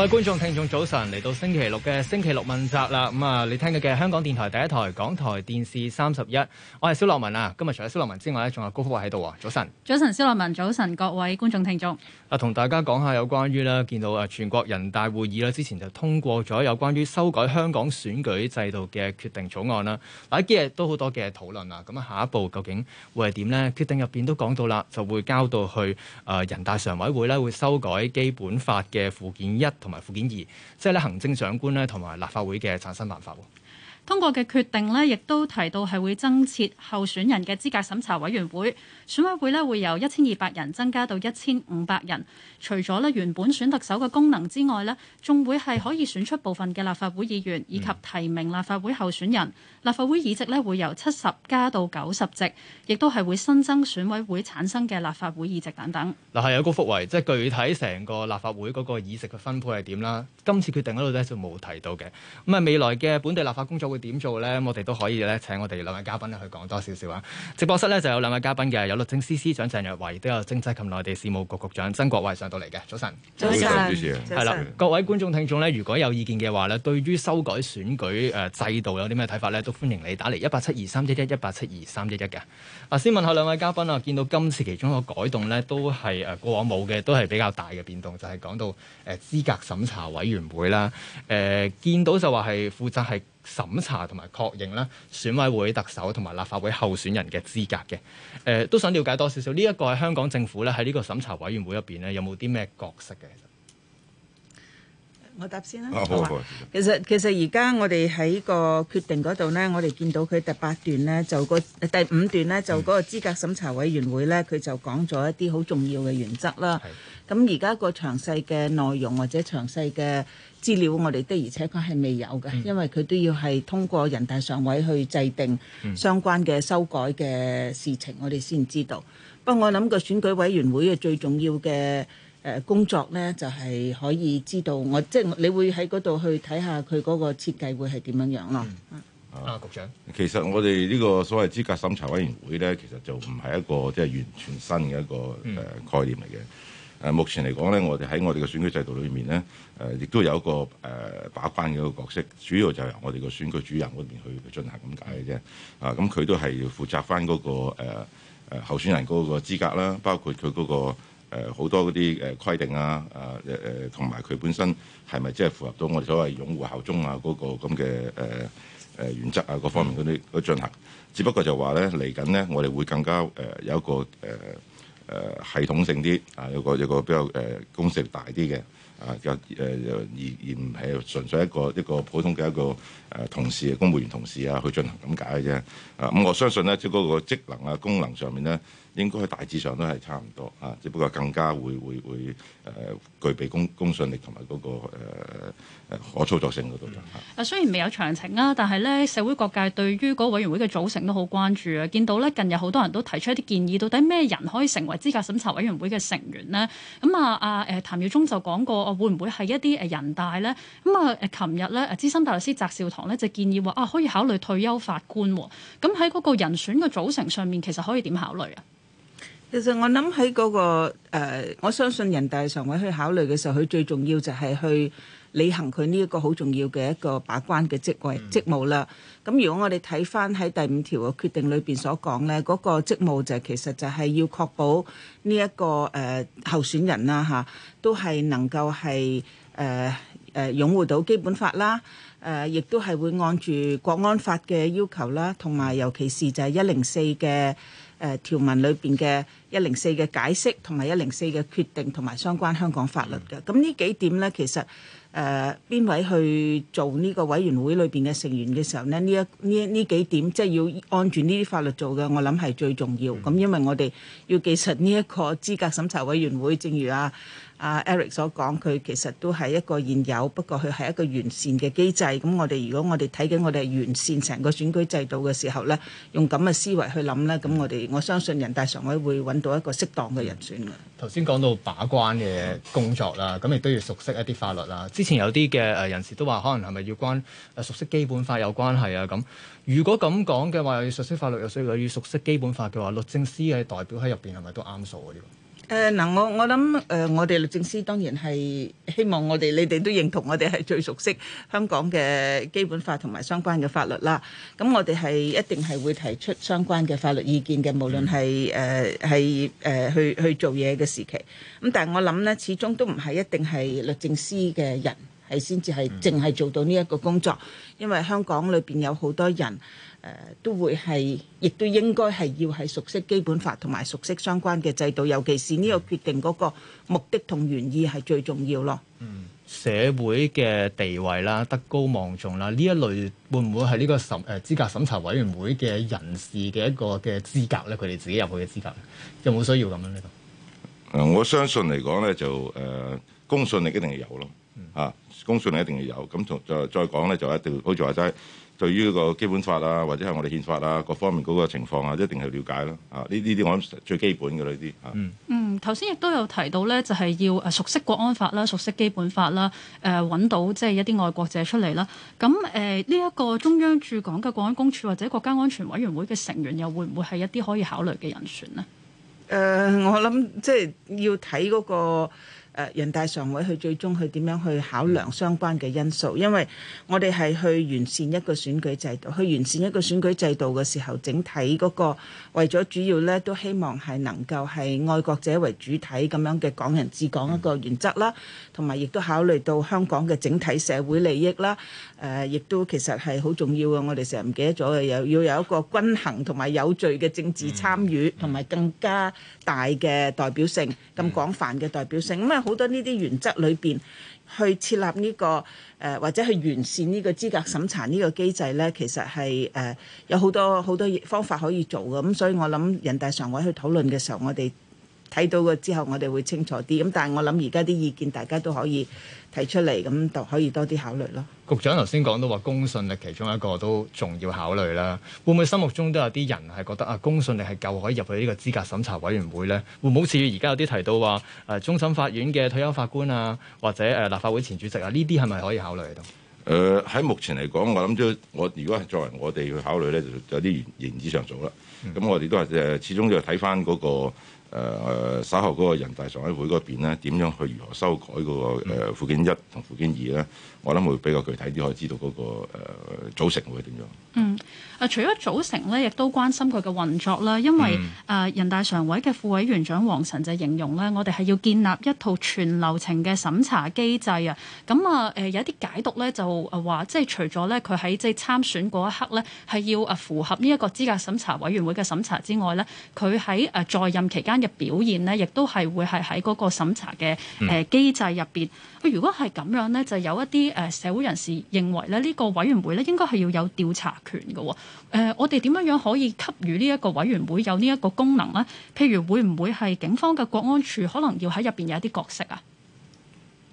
各位觀眾、聽眾，早晨，嚟到星期六嘅星期六問責啦。咁、嗯、啊，你聽嘅嘅香港電台第一台、港台電視三十一，我係蕭樂文啊。今日除咗蕭樂文之外咧，仲有高福華喺度啊。早晨，早晨，蕭樂文，早晨，各位觀眾、聽眾。啊，同大家講下有關於咧，見到啊，全國人大會議啦，之前就通過咗有關於修改香港選舉制度嘅決定草案啦。嗱，啲嘢都好多嘅討論啊。咁啊，下一步究竟會係點呢？決定入面都講到啦，就會交到去誒、呃、人大常委會呢，會修改基本法嘅附件一。同埋附件二，即係咧行政長官咧同埋立法會嘅產生辦法。通過嘅決定咧，亦都提到係會增設候選人嘅資格審查委員會，選委會咧會由一千二百人增加到一千五百人。除咗咧原本選特首嘅功能之外咧，仲會係可以選出部分嘅立法會議員，以及提名立法會候選人。嗯立法會議席咧會由七十加到九十席，亦都係會新增選委會產生嘅立法會議席等等。嗱、嗯，係有個幅圍，即係具體成個立法會嗰個議席嘅分配係點啦？今次決定嗰度咧就冇提到嘅。咁啊，未來嘅本地立法工作會點做咧？我哋都可以咧請我哋兩位嘉賓去講多少少啊！直播室咧就有兩位嘉賓嘅，有律政司司長鄭若驊，都有政制及內地事務局局，局長曾國衞上到嚟嘅。早晨，早晨安，主持人，早晨。各位觀眾聽眾咧，如果有意見嘅話咧，對於修改選舉誒制度有啲咩睇法咧？都歡迎你打嚟一八七二三一一一八七二三一一嘅。啊，先問下兩位嘉賓啊，見到今次其中一個改動呢，都係誒過往冇嘅，都係比較大嘅變動，就係、是、講到誒資格審查委員會啦。誒、呃，見到就話係負責係審查同埋確認啦選委會特首同埋立法會候選人嘅資格嘅。誒、呃，都想了解多少少呢一、這個係香港政府咧喺呢個審查委員會入邊呢，有冇啲咩角色嘅？我答先啦。好啊。其實其實而家我哋喺個決定嗰度呢，我哋見到佢第八段呢，就個第五段呢，就嗰個資格審查委員會呢，佢、嗯、就講咗一啲好重要嘅原則啦。咁而家個詳細嘅內容或者詳細嘅資料，我哋的而且確係未有嘅，嗯、因為佢都要係通過人大常委去制定相關嘅修改嘅事情，嗯、我哋先知道。不過我諗個選舉委員會嘅最重要嘅。誒工作咧就係可以知道我即係、就是、你會喺嗰度去睇下佢嗰個設計會係點樣咯。嗯、啊，啊局長，其實我哋呢個所謂資格審查委員會咧，其實就唔係一個即係、就是、完全新嘅一個誒、呃嗯、概念嚟嘅。誒、啊、目前嚟講咧，我哋喺我哋嘅選舉制度裏面咧，誒、呃、亦都有一個誒、呃、把關嘅一個角色，主要就由我哋個選舉主任嗰邊去進行咁解嘅啫。啊，咁佢都係要負責翻嗰個誒候選人嗰個資格啦，包括佢嗰個。誒好、呃、多嗰啲誒規定啊，誒誒同埋佢本身係咪即係符合到我哋所謂擁護效忠啊嗰、那個咁嘅誒誒原則啊各、那個、方面嗰啲去進行。只不過就話咧嚟緊咧，我哋會更加誒、呃呃啊、有一個誒誒系統性啲啊，有個有個比較誒、呃、公式大啲嘅啊，又而而唔係純粹一個一個普通嘅一個誒同事公務員同事啊去進行咁解嘅啫，啊咁、嗯、我相信咧即係嗰個職能啊功、功能上面咧，呢應該大致上都係差唔多啊，只不過更加會會會誒、呃、具備公公信力同埋嗰個誒、呃、可操作性嗰度。啊，雖然未有詳情啦，但係咧社會各界對於嗰委員會嘅組成都好關注啊。見到咧，近日好多人都提出一啲建議，到底咩人可以成為資格審查委員會嘅成員咧？咁、嗯、啊啊誒、呃，譚耀宗就講過，會唔會係一啲誒人大咧？咁、嗯、啊誒，琴日咧誒資深大律師翟紹唐咧就建議話啊，可以考慮退休法官。咁喺嗰個人選嘅組成上面，其實可以點考慮啊？其實我諗喺嗰個誒，我相信人大常委去考慮嘅時候，佢最重要就係去履行佢呢一個好重要嘅一個把關嘅職位職務啦。咁如果我哋睇翻喺第五條嘅決定裏邊所講咧，嗰個職務就係其實就係要確保呢一個誒候選人啦嚇，都係能夠係誒誒擁護到基本法啦，誒亦都係會按住國安法嘅要求啦，同埋尤其是就係一零四嘅。誒、呃、條文裏邊嘅一零四嘅解釋，同埋一零四嘅決定，同埋相關香港法律嘅，咁呢、嗯、幾點咧，其實誒邊、呃、位去做呢個委員會裏邊嘅成員嘅時候咧，呢一呢呢幾點，即、就、係、是、要按住呢啲法律做嘅，我諗係最重要。咁、嗯、因為我哋要記實呢一個資格審查委員會，正如啊，阿、uh, Eric 所講，佢其實都係一個現有，不過佢係一個完善嘅機制。咁我哋如果我哋睇緊我哋完善成個選舉制度嘅時候咧，用咁嘅思維去諗咧，咁我哋我相信人大常委會揾到一個適當嘅人選嘅。頭先講到把關嘅工作啦，咁亦、嗯、都要熟悉一啲法律啊。之前有啲嘅誒人士都話，可能係咪要關熟悉基本法有關係啊？咁如果咁講嘅話，又要熟悉法律，又要熟悉基本法嘅話，律政司嘅代表喺入邊係咪都啱數啲啊？誒嗱、呃，我我諗誒，我哋、呃、律政司當然係希望我哋你哋都認同我哋係最熟悉香港嘅基本法同埋相關嘅法律啦。咁我哋係一定係會提出相關嘅法律意見嘅，無論係誒係誒去去做嘢嘅時期。咁但係我諗咧，始終都唔係一定係律政司嘅人。係先至係淨係做到呢一個工作，因為香港裏邊有好多人誒都會係，亦都應該係要係熟悉基本法同埋熟悉相關嘅制度，尤其是呢個決定嗰個目的同原意係最重要咯。嗯，社會嘅地位啦，德高望重啦，呢一類會唔會係呢個審誒資格審查委員會嘅人士嘅一個嘅資格咧？佢哋自己入去嘅資格，有冇需要咁樣呢個？誒，我相信嚟講咧，就誒公信力一定係有咯。啊，公信力一定要有。咁就再講咧，就一定好似話齋，就是、對於個基本法啊，或者係我哋憲法啊，各方面嗰個情況啊，一定係了解咯。啊，呢呢啲我諗最基本嘅呢啲。嗯嗯，頭先亦都有提到咧，就係要熟悉國安法啦，熟悉基本法啦，誒、呃、揾到即係一啲愛國者出嚟啦。咁誒呢一個中央駐港嘅國安公署或者國家安全委員會嘅成員，又會唔會係一啲可以考慮嘅人選呢？誒、呃，我諗即係要睇嗰、那個。誒人大常委佢最終去點樣去考量相關嘅因素？因為我哋係去完善一個選舉制度，去完善一個選舉制度嘅時候，整體嗰個為咗主要咧，都希望係能夠係愛國者為主體咁樣嘅港人治港一個原則啦，同埋亦都考慮到香港嘅整體社會利益啦。誒亦都其實係好重要嘅。我哋成日唔記得咗嘅，又要有一個均衡同埋有序嘅政治參與同埋更加大嘅代表性、咁廣泛嘅代表性。咁啊～好多呢啲原則裏邊，去設立呢、這個誒、呃，或者去完善呢個資格審查呢個機制咧，其實係誒、呃、有好多好多方法可以做噶。咁、嗯、所以我諗人大常委去討論嘅時候，我哋。睇到嘅之後，我哋會清楚啲。咁但係我諗而家啲意見，大家都可以提出嚟，咁就可以多啲考慮咯。局長頭先講到話公信力，其中一個都重要考慮啦。會唔會心目中都有啲人係覺得啊，公信力係夠可以入去呢個資格審查委員會咧？會唔會好似而家有啲提到話誒、呃，終審法院嘅退休法官啊，或者誒、呃、立法會前主席啊，呢啲係咪可以考慮喺度？誒喺、嗯呃、目前嚟講，我諗都，我如果作為我哋去考慮咧，就有啲言之尚早啦。咁、嗯嗯、我哋都係誒，始終就睇翻嗰個。誒、呃，稍後嗰個人大常委會嗰邊咧，點樣去如何修改嗰、那個誒、呃、附件一同附件二咧？我諗會比較具體啲，可以知道嗰、那個誒、呃、組成會點樣。嗯，啊，除咗組成咧，亦都關心佢嘅運作啦，因為誒、嗯呃、人大常委嘅副委員長王晨就形容咧，我哋係要建立一套全流程嘅審查機制啊。咁啊誒，有一啲解讀咧就誒話，即係除咗咧佢喺即係參選嗰一刻咧，係要誒符合呢一個資格審查委員會嘅審查之外咧，佢喺誒在任期間嘅表現呢，亦都係會係喺嗰個審查嘅誒機制入邊。呃嗯如果係咁樣呢，就有一啲誒社會人士認為咧，呢個委員會咧應該係要有調查權嘅。誒、呃，我哋點樣樣可以給予呢一個委員會有呢一個功能呢？譬如會唔會係警方嘅國安處可能要喺入邊有一啲角色啊？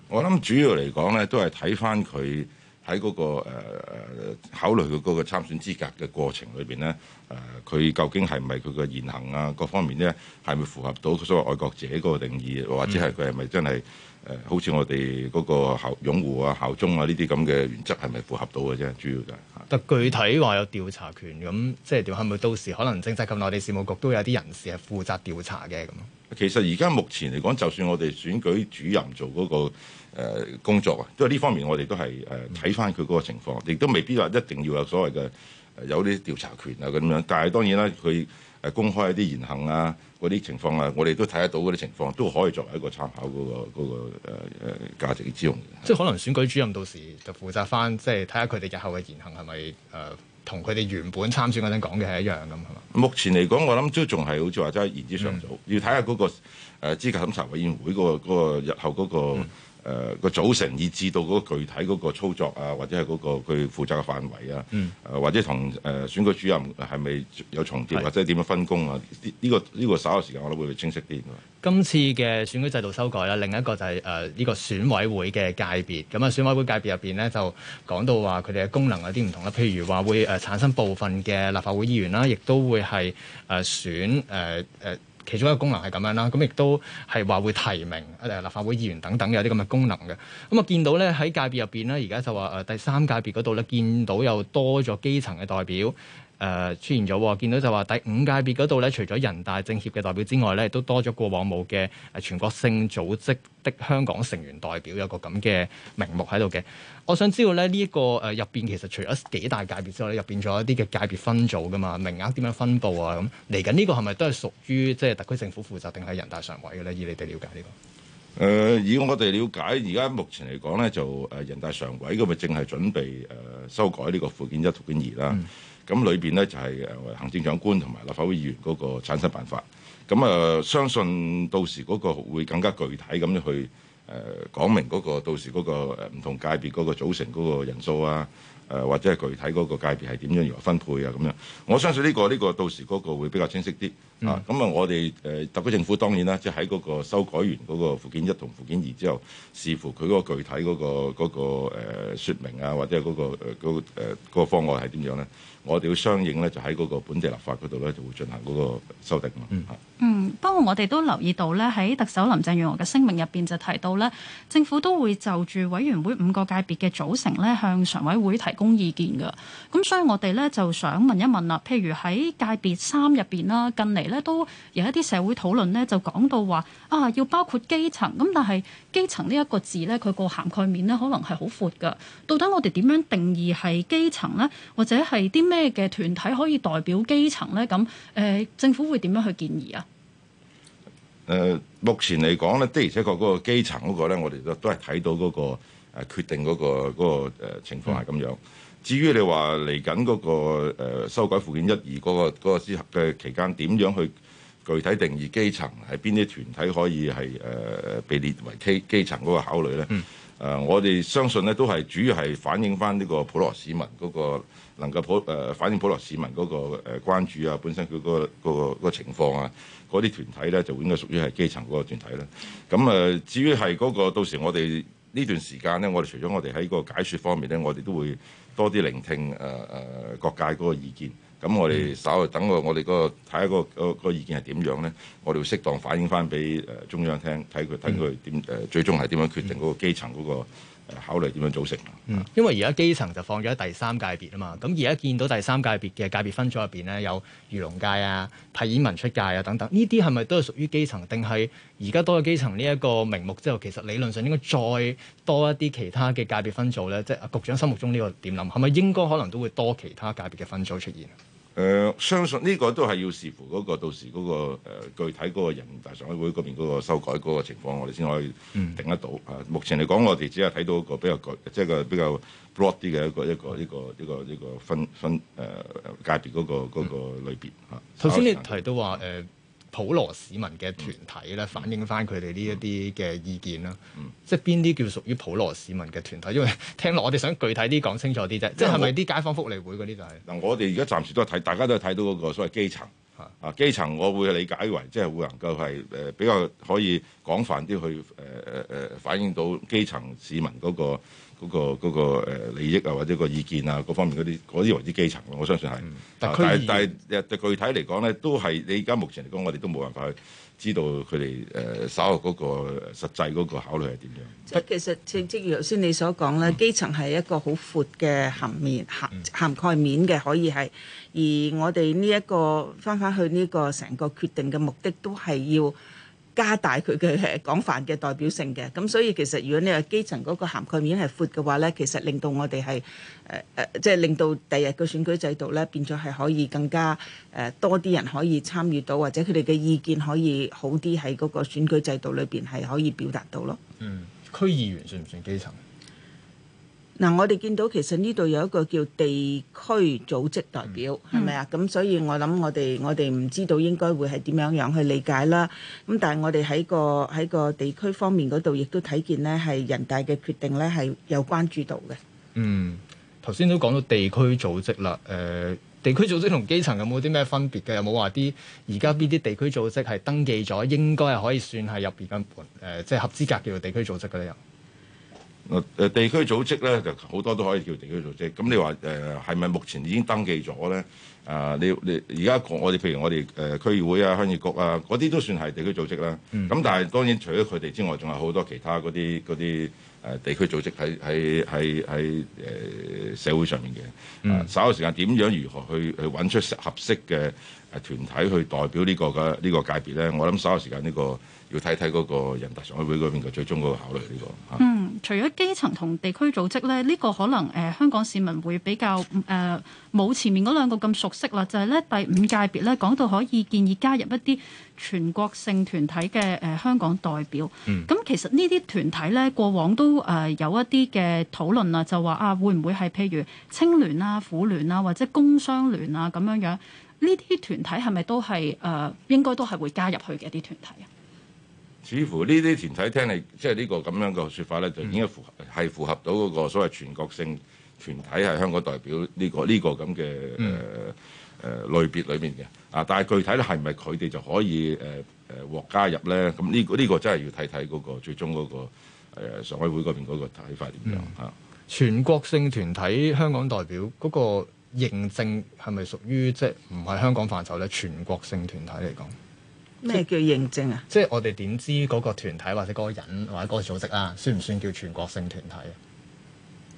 我諗主要嚟講呢，都係睇返佢。喺嗰、那個誒、呃、考慮佢嗰個參選資格嘅過程裏邊咧，誒、呃、佢究竟係咪佢嘅言行啊各方面咧係咪符合到所謂愛國者嗰個定義，或者係佢係咪真係誒、呃、好似我哋嗰個效擁護啊效忠啊呢啲咁嘅原則係咪符合到嘅啫？主要就係、是，但具體話有調查權咁，即係點？係咪到時可能政制及內地事務局都有啲人士係負責調查嘅咁？其實而家目前嚟講，就算我哋選舉主任做嗰、嗰個、呃、工作啊，因為呢方面我哋都係誒睇翻佢嗰個情況，亦都未必話一定要有所謂嘅、呃、有啲調查權啊咁樣。但係當然啦，佢誒公開一啲言行啊，嗰啲情況啊，我哋都睇得到嗰啲情況，都可以作為一個參考嗰、嗰個嗰、嗰個誒誒、呃、價值之用。即係可能選舉主任到時就負責翻，即係睇下佢哋日後嘅言行係咪誒？呃同佢哋原本參選嗰陣講嘅係一樣㗎嘛。目前嚟講，我諗都仲係好似話齋言之尚早，嗯、要睇下嗰個誒資格審查委員會嗰、個嗰、個日後嗰、個。嗯誒個、呃、組成以至到嗰個具體嗰個操作啊，或者係嗰個佢負責嘅範圍啊，誒、嗯呃、或者同誒、呃、選舉主任係咪有重疊，是的 或者點樣分工啊？呢、呢個呢、呢個稍後時間我諗會清晰啲。今次嘅選舉制度修改啦，另一個就係誒呢個選委會嘅界別。咁、嗯、啊，選委會界別入邊咧就講到話佢哋嘅功能有啲唔同啦。譬如話會誒、呃、產生部分嘅立法會議員啦，亦都會係誒、呃、選誒誒。呃呃其中一個功能係咁樣啦，咁亦都係話會提名立法會議員等等有啲咁嘅功能嘅。咁啊，我見到咧喺界別入邊咧，而家就話誒第三界別嗰度咧，見到又多咗基層嘅代表。誒、呃、出現咗，見到就話第五界別嗰度咧，除咗人大政協嘅代表之外咧，亦都多咗過往冇嘅全國性組織的香港成員代表，有個咁嘅名目喺度嘅。我想知道咧，呢、這、一個誒入邊其實除咗幾大界別之外咧，入邊仲有一啲嘅界別分組噶嘛？名額點樣分佈啊？咁嚟緊呢個係咪都係屬於即係、就是、特區政府負責定係人大常委嘅咧？以你哋了解呢、這個？誒、呃，以我哋了解而家目前嚟講咧，就誒、呃、人大常委噉咪淨係準備誒、呃、修改呢個附件一、嗯、附件二啦。咁裏邊咧就係、是、誒行政長官同埋立法會議員嗰個產生辦法，咁啊、呃、相信到時嗰個會更加具體咁樣去誒、呃、講明嗰個到時嗰個唔同界別嗰個組成嗰個人數啊，誒、呃、或者係具體嗰個界別係點樣如何分配啊咁樣，我相信呢、這個呢、這個到時嗰個會比較清晰啲。啊，咁啊，我哋誒特區政府當然啦，即喺嗰個修改完嗰個附件一同附件二之後，視乎佢嗰個具體嗰個嗰個説明啊，或者嗰個誒嗰個誒方案係點樣咧，我哋要相應咧就喺嗰個本地立法嗰度咧就會進行嗰個修訂啦。嗯，不過我哋都留意到咧，喺特首林鄭月娥嘅聲明入邊就提到咧，政府都會就住委員會五個界別嘅組成咧，向常委會提供意見嘅。咁所以我哋咧就想問一問啦，譬如喺界別三入邊啦，近嚟，咧都有一啲社會討論咧，就講到話啊，要包括基層。咁但係基層呢一個字咧，佢個涵蓋面咧，可能係好闊噶。到底我哋點樣定義係基層呢？或者係啲咩嘅團體可以代表基層咧？咁誒，政府會點樣去建議啊？誒，目前嚟講呢，的而且確嗰個基層嗰個咧，我哋都都係睇到嗰個誒決定嗰個嗰個誒情況係咁樣。嗯至於你話嚟緊嗰個、呃、修改附件一、那個、二、那、嗰個嗰個嘅期間，點樣去具體定義基層係邊啲團體可以係誒、呃、被列為基基層嗰個考慮咧？誒、嗯呃，我哋相信咧都係主要係反映返呢個普羅市民嗰、那個能夠普誒、呃、反映普羅市民嗰個誒關注啊，本身佢嗰、那個嗰、那個那個、情況啊，嗰啲團體咧就應該屬於係基層嗰個團體啦。咁誒、呃，至於係嗰、那個到時我哋呢段時間咧，我哋除咗我哋喺個解說方面咧，我哋都會，多啲聆聽誒誒、呃呃、各界嗰個意見，咁我哋稍微等我、嗰個我哋嗰睇下個嗰嗰、嗰個嗰個、意見係點樣咧？我哋會適當反映翻俾誒中央聽，睇佢睇佢點誒最終係點樣決定嗰個基層嗰、嗰個。考慮點樣組成？嗯，因為而家基層就放咗喺第三界別啊嘛，咁而家見到第三界別嘅界別分組入邊呢，有漁農界啊、體演文出界啊等等，呢啲係咪都係屬於基層？定係而家多咗基層呢一個名目之後，其實理論上應該再多一啲其他嘅界別分組呢？即係啊，局長心目中呢個點諗？係咪應該可能都會多其他界別嘅分組出現？誒、呃，相信呢個都係要視乎嗰、那個、到時嗰、那個、呃、具體嗰個人大常委會嗰邊嗰個修改嗰個情況，我哋先可以定得到。嗯、啊，目前嚟講，我哋只係睇到一個比較具，即、就、係、是、個比較 broad 啲嘅一個一個一個一個一個分分誒、呃、界別嗰、那個嗰、嗯、個類別。頭先、啊、你提到話誒。呃普羅市民嘅團體咧，反映翻佢哋呢一啲嘅意見啦。嗯，即係邊啲叫屬於普羅市民嘅團體？因為聽落，我哋想具體啲講清楚啲啫。即係係咪啲街坊福利會嗰啲就係、是？嗱，我哋而家暫時都係睇，大家都係睇到嗰個所謂基層。嚇啊！基層，我會理解為即係會能夠係誒、呃、比較可以廣泛啲去誒誒誒反映到基層市民嗰、那個。嗰、嗰個嗰、嗰個、利益啊，或者個意見啊，各方面嗰啲嗰啲為之基層，我相信係、嗯。但係、啊、但係誒嘅具體嚟講咧，都係你而家目前嚟講，我哋都冇辦法去知道佢哋誒稍下嗰個實際嗰個考慮係點樣即。即係其實正正如頭先你所講咧，嗯、基層係一個好闊嘅涵面涵涵、嗯嗯、蓋面嘅，可以係。而我哋呢一個翻返去呢個成個決定嘅目的，都係要。加大佢嘅廣泛嘅代表性嘅，咁所以其實如果你話基層嗰個涵蓋面係闊嘅話呢，其實令到我哋係誒誒，即係令到第日嘅選舉制度呢變咗係可以更加誒、呃、多啲人可以參與到，或者佢哋嘅意見可以好啲喺嗰個選舉制度裏邊係可以表達到咯。嗯，區議員算唔算基層？嗱、啊，我哋見到其實呢度有一個叫地區組織代表，係咪啊？咁所以我諗，我哋我哋唔知道應該會係點樣樣去理解啦。咁但係我哋喺個喺個地區方面嗰度，亦都睇見咧，係人大嘅決定咧，係有關注到嘅。嗯，頭先都講到地區組織啦。誒、呃、地區組織同基層有冇啲咩分別嘅？有冇話啲而家邊啲地區組織係登記咗，應該係可以算係入別間盤誒，即、呃、係、就是、合資格叫做地區組織嘅咧？誒地區組織咧，就好多都可以叫地區組織。咁你話誒係咪目前已經登記咗咧？啊、呃，你你而家我哋譬如我哋誒、呃、區議會啊、鄉議局啊，嗰啲都算係地區組織啦。咁、嗯、但係當然除咗佢哋之外，仲有好多其他嗰啲嗰啲誒地區組織喺喺喺喺誒社會上面嘅、嗯啊。稍後時間點樣如何去去搵出合適嘅誒團體去代表呢、呢個嘅呢、呢個界別咧？我諗稍後時間呢、呢個。要睇睇嗰個人大常委會嗰邊嘅最終嗰個考慮呢、這個嚇。嗯，除咗基層同地區組織咧，呢、這個可能誒、呃、香港市民會比較誒冇、呃、前面嗰兩個咁熟悉啦。就係、是、咧第五界別咧，講到可以建議加入一啲全國性團體嘅誒、呃、香港代表。咁、嗯、其實呢啲團體咧過往都誒、呃、有一啲嘅討論啦，就話啊會唔會係譬如青聯啊、婦聯啊或者工商聯啊咁樣樣呢啲團體係咪都係誒、呃、應該都係會加入去嘅一啲團體啊？似乎呢啲團體聽嚟，即係呢個咁樣嘅説法咧，就已經符合係符合到嗰個所謂全國性團體係香港代表呢個呢個咁嘅誒誒類別裏面嘅。啊，但係具體咧係咪佢哋就可以誒誒、呃、獲加入咧？咁呢個呢個真係要睇睇嗰個最終嗰個常委會嗰邊嗰個睇法點樣嚇？全國性團體香港代表嗰個認證係咪屬於即係唔係香港範疇咧？全國性團體嚟講？咩叫認證啊？即係我哋點知嗰個團體或者嗰個人或者嗰個組織啊，算唔算叫全國性團體啊？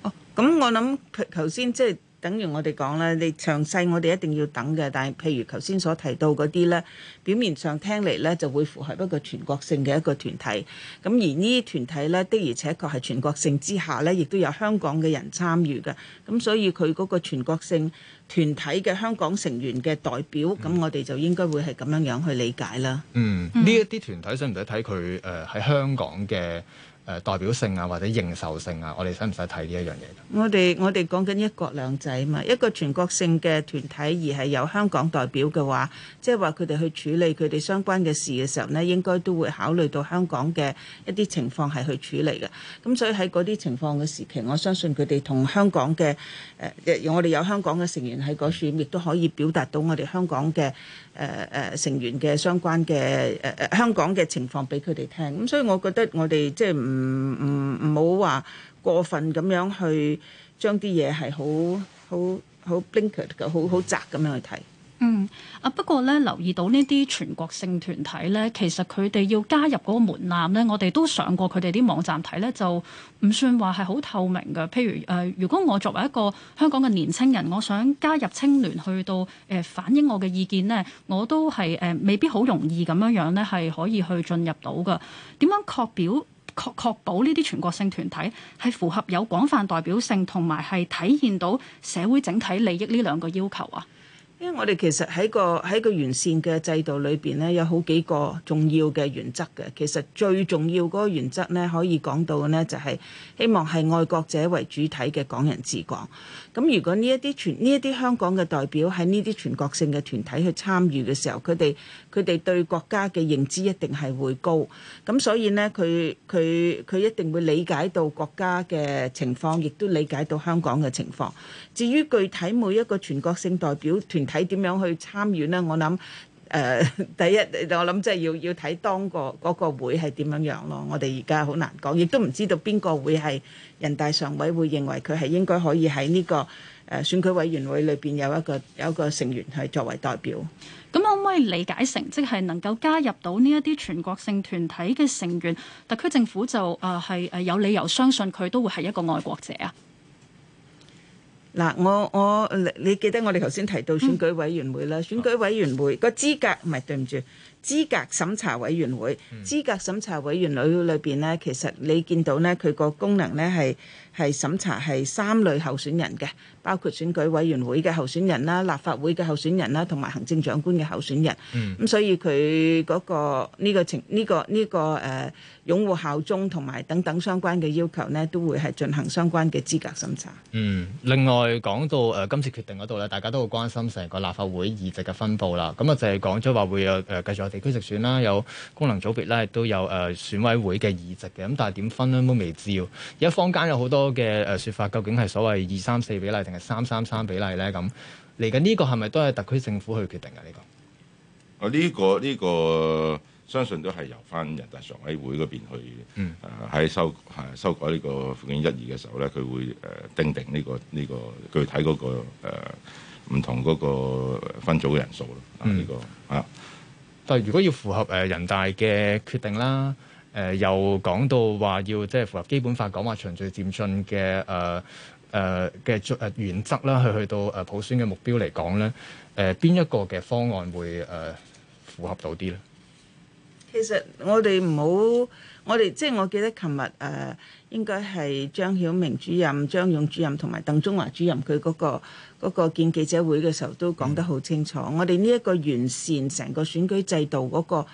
哦，咁我諗頭先即係。等於我哋講咧，你詳細我哋一定要等嘅。但係，譬如頭先所提到嗰啲呢，表面上聽嚟呢就會符合一個全國性嘅一個團體。咁而呢啲團體呢的而且確係全國性之下呢，亦都有香港嘅人參與嘅。咁所以佢嗰個全國性團體嘅香港成員嘅代表，咁、嗯、我哋就應該會係咁樣樣去理解啦。嗯，呢一啲團體使唔使睇佢誒喺香港嘅？誒、呃、代表性啊，或者認受性啊，我哋使唔使睇呢一樣嘢？我哋我哋講緊一國兩制嘛，一個全國性嘅團體，而係有香港代表嘅話，即係話佢哋去處理佢哋相關嘅事嘅時候咧，應該都會考慮到香港嘅一啲情況，係去處理嘅。咁所以喺嗰啲情況嘅時期，我相信佢哋同香港嘅誒、呃，我哋有香港嘅成員喺嗰處，亦都可以表達到我哋香港嘅誒誒成員嘅相關嘅誒誒香港嘅情況俾佢哋聽。咁所以我覺得我哋即係。唔。唔唔唔，唔好話過分咁樣去將啲嘢係好好好 blinker 嘅，好好窄咁樣去睇。嗯啊，不過呢，留意到呢啲全國性團體呢，其實佢哋要加入嗰個門檻呢，我哋都上過佢哋啲網站睇呢，就唔算話係好透明嘅。譬如誒、呃，如果我作為一個香港嘅年輕人，我想加入青聯去到誒、呃、反映我嘅意見呢，我都係誒、呃、未必好容易咁樣樣呢，係可以去進入到嘅。點樣確表？確，確保呢啲全國性團體係符合有廣泛代表性，同埋係體現到社會整體利益呢兩個要求啊！因為我哋其實喺個喺個完善嘅制度裏邊呢，有好幾個重要嘅原則嘅。其實最重要嗰個原則呢，可以講到嘅呢，就係希望係愛國者為主體嘅港人治港。咁如果呢一啲全呢一啲香港嘅代表喺呢啲全國性嘅團體去參與嘅時候，佢哋佢哋對國家嘅認知一定係會高，咁所以咧，佢佢佢一定會理解到國家嘅情況，亦都理解到香港嘅情況。至於具體每一個全國性代表團體點樣去參與咧，我諗。誒、呃、第一，我諗即係要要睇當個嗰、那個會係點樣樣咯。我哋而家好難講，亦都唔知道邊個會係人大常委會認為佢係應該可以喺呢、這個誒、呃、選舉委員會裏邊有一個有一個成員去作為代表。咁、嗯、可唔可以理解成即係能夠加入到呢一啲全國性團體嘅成員，特區政府就誒係誒有理由相信佢都會係一個愛國者啊？嗱，我我你記得我哋頭先提到選舉委員會啦，嗯、選舉委員會個資格，唔係對唔住，資格審查委員會，資格審查委員裏裏邊咧，其實你見到咧，佢個功能咧係。係審查係三類候選人嘅，包括選舉委員會嘅候選人啦、立法會嘅候選人啦，同埋行政長官嘅候選人。嗯，咁、嗯、所以佢嗰、那個呢、這個情呢、這個呢、這個誒、呃、擁護效忠同埋等等相關嘅要求呢，都會係進行相關嘅資格審查。嗯，另外講到誒、呃、今次決定嗰度呢，大家都好關心成個立法會議席嘅分佈啦。咁啊，就係講咗話會有誒、呃、繼續有地區直選啦，有功能組別啦，亦都有誒、呃、選委會嘅議席嘅。咁但係點分呢？都未知喎。而家坊間有好多，嘅誒説法，究竟係所謂二三四比例定係三三三比例咧？咁嚟緊呢個係咪都係特區政府去決定嘅呢、啊呢個？啊、呢個，呢個呢個相信都係由翻人大常委會嗰邊去誒喺、嗯啊、修、啊、修改呢個附件一二嘅時候咧，佢會誒、呃、定定、呢、呢個呢、呢個具體嗰、嗰個唔、呃、同嗰個分組嘅人數咯。呢個啊，但係如果要符合誒人大嘅決定啦。誒、呃、又講到話要即係符合基本法講話循序漸進嘅誒誒嘅誒原則啦，去去到誒普選嘅目標嚟講咧，誒、呃、邊一個嘅方案會誒、呃、符合到啲咧？其實我哋唔好，我哋即係我記得琴日誒，應該係張曉明主任、張勇主任同埋鄧中華主任佢嗰、嗰個嗰、嗰個、嗰個、見記者會嘅時候都講得好清楚。嗯、我哋呢一個完善成個選舉制度嗰、嗰個。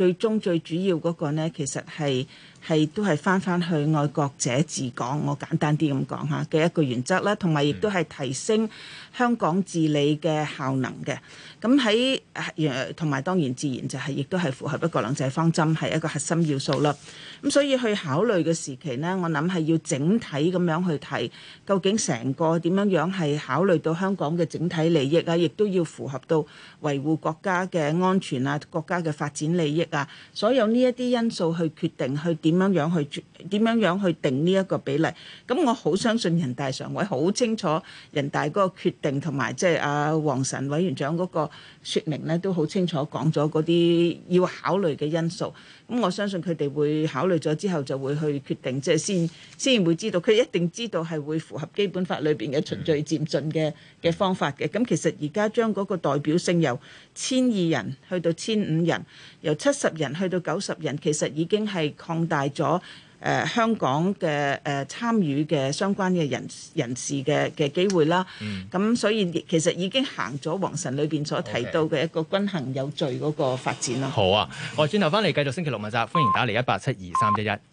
最終最主要嗰個咧，其實係。係都係翻翻去愛國者治港，我簡單啲咁講下嘅一個原則啦，同埋亦都係提升香港治理嘅效能嘅。咁喺誒同埋當然自然就係亦都係符合一國兩制方針係一個核心要素啦。咁所以去考慮嘅時期呢，我諗係要整體咁樣去睇，究竟成個點樣樣係考慮到香港嘅整體利益啊，亦都要符合到維護國家嘅安全啊、國家嘅發展利益啊，所有呢一啲因素去決定去點。點樣樣去點樣樣去定呢一個比例？咁我好相信人大常委好清楚，人大嗰個決定同埋即係阿王晨委員長嗰個説明咧，都好清楚講咗嗰啲要考慮嘅因素。咁我相信佢哋會考慮咗之後就會去決定，即係先先會知道，佢一定知道係會符合基本法裏邊嘅循序漸進嘅嘅方法嘅。咁其實而家將嗰個代表性由千二人去到千五人，由七十人去到九十人，其實已經係擴大咗。誒、呃、香港嘅誒、呃、參與嘅相關嘅人人士嘅嘅機會啦，咁、嗯嗯、所以其實已經行咗黃神裏邊所提到嘅一個均衡有序嗰個發展啦。Okay. 好啊，我轉頭返嚟繼續星期六問責，歡迎打嚟一八七二三一一。